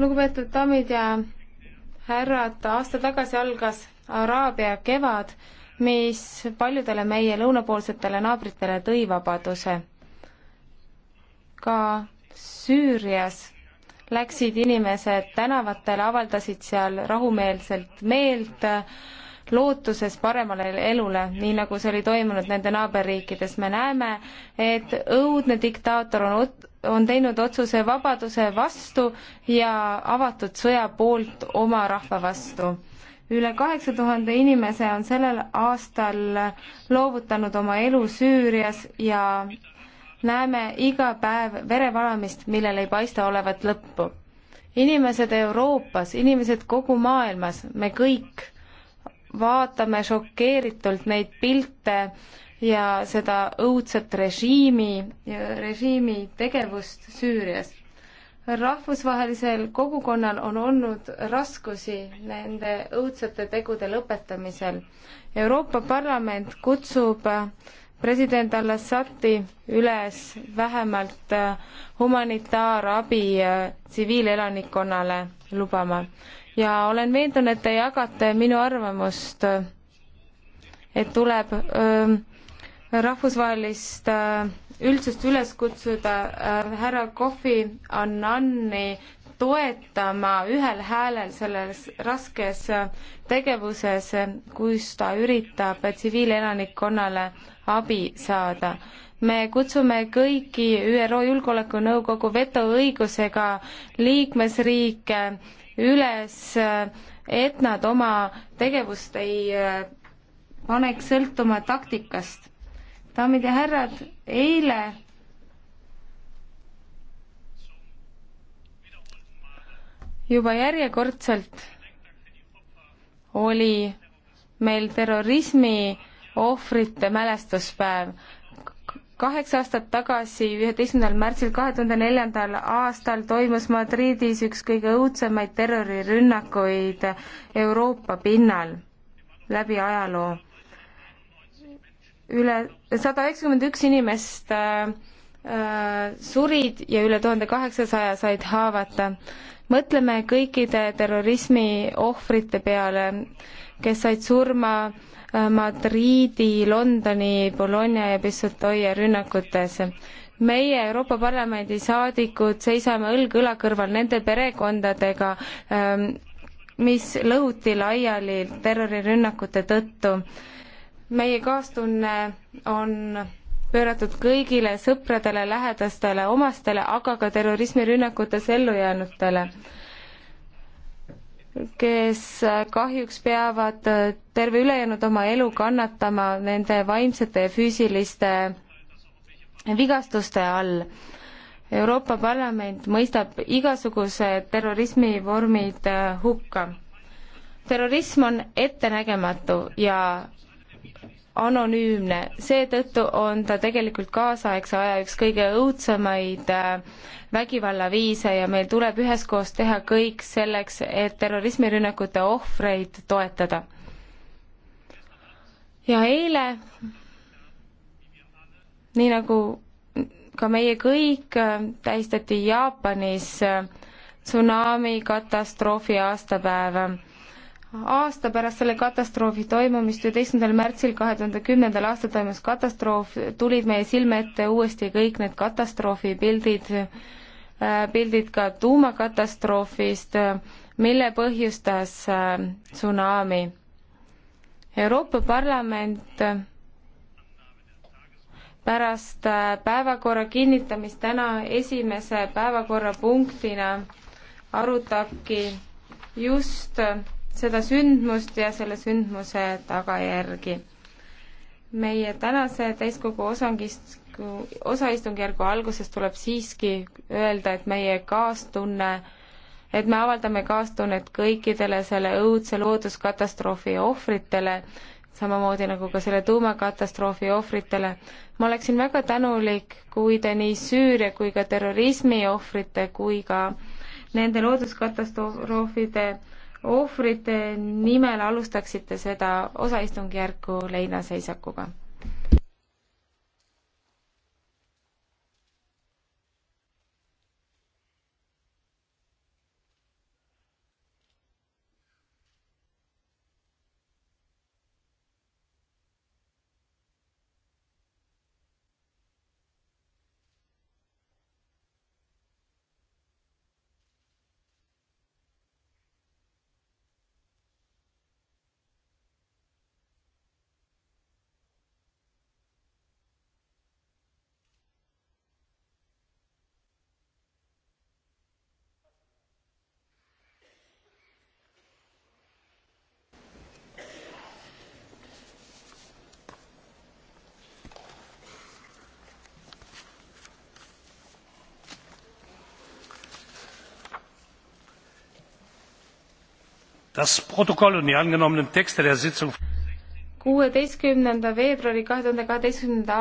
lugupeetud daamid ja härrad, aasta tagasi algas Araabia kevad, mis paljudele meie lõunapoolsetele naabritele tõi vabaduse. ka Süürias läksid inimesed tänavatele, avaldasid seal rahumeelselt meelt äh,, lootuses paremale elule, nii nagu see oli toimunud nende naaberriikides. me näeme, et õudne diktaator on ot-, on teinud otsuse vabaduse vastu ja avatud sõja poolt oma rahva vastu. üle kaheksa tuhande inimese on sellel aastal loovutanud oma elu Süürias ja näeme iga päev verevalamist, millel ei paista olevat lõppu. inimesed Euroopas, inimesed kogu maailmas, me kõik vaatame šokeeritult neid pilte ja seda õudset režiimi, režiimi tegevust Süürias. rahvusvahelisel kogukonnal on olnud raskusi nende õudsate tegude lõpetamisel. Euroopa Parlament kutsub president al-Assadi üles vähemalt äh, humanitaarabi äh, tsiviilelanikkonnale lubama ja olen veendunud, et te jagate minu arvamust, äh, et tuleb öö, ähm, rahvusvahelist öö, üldsust üles kutsuda äh, härra Kofi Annani toetama ühel häälel selles raskes tegevuses, kus ta üritab tsiviilelanikkonnale abi saada. me kutsume kõiki ÜRO Julgeolekunõukogu vetoõigusega liikmesriike üles, et nad oma tegevust ei äh, paneks sõltuma taktikast. daamid ja härrad, eile juba järjekordselt oli meil terrorismi ohvrite mälestuspäev. kaheksa aastat tagasi, üheteistkümnendal märtsil kahe tuhande neljandal aastal toimus Madridis üks kõige õudsemaid terrorirünnakuid Euroopa pinnal läbi ajaloo. üle sada üheksakümmend üks inimest äh, äh, surid ja üle tuhande kaheksasaja said haavata mõtleme kõikide terrorismi ohvrite peale, kes said surma äh, Madriidi, Londoni, Bologna ja Pistoia rünnakutes. meie Euroopa Parlamendi saadikud seisame õlg õla kõrval nende perekondadega, ähm, mis lõhuti laiali terrorirünnakute tõttu. meie kaastunne on pööratud kõigile sõpradele, lähedastele, omastele, aga ka terrorismirünnakutes ellu jäänutele, kes kahjuks peavad terve ülejäänud oma elu kannatama nende vaimsete ja füüsiliste vigastuste all. Euroopa Parlament mõistab igasugused terrorismivormid hukka terrorism on ettenägematu ja anonüümne, seetõttu on ta tegelikult kaasaegse aja üks kõige õudsemaid äh, vägivallaviise ja meil tuleb üheskoos teha kõik selleks, et terrorismirünnakute ohvreid toetada. ja eile, nii nagu ka meie kõik, äh, tähistati Jaapanis äh, tsunami katastroofi aastapäeva aasta pärast selle katastroofi toimumist, üheteistkümnendal märtsil kahe tuhande kümnendal aastal toimus katastroof, tulid meie silme ette uuesti kõik need katastroofipildid, äh, pildid ka tuumakatastroofist, äh, mille põhjustas äh, tsunami. Euroopa Parlament pärast päevakorra kinnitamist täna esimese päevakorrapunktina arutabki just seda sündmust ja selle sündmuse tagajärgi. meie tänase täiskogu osangist, osaistungjärgu alguses tuleb siiski öelda, et meie kaastunne, et me avaldame kaastunnet kõikidele selle õudse looduskatastroofi ohvritele, samamoodi nagu ka selle tuumakatastroofi ohvritele. ma oleksin väga tänulik, kui te nii Süüria kui ka terrorismi ohvrite kui ka nende looduskatastroofide ohvrite nimel alustaksite seda osaistungjärku leinaseisakuga das protokoll und die angenommenen texte der sitzung kuueteistkümnenda veebruari kahe tuhande kaheteistkümnenda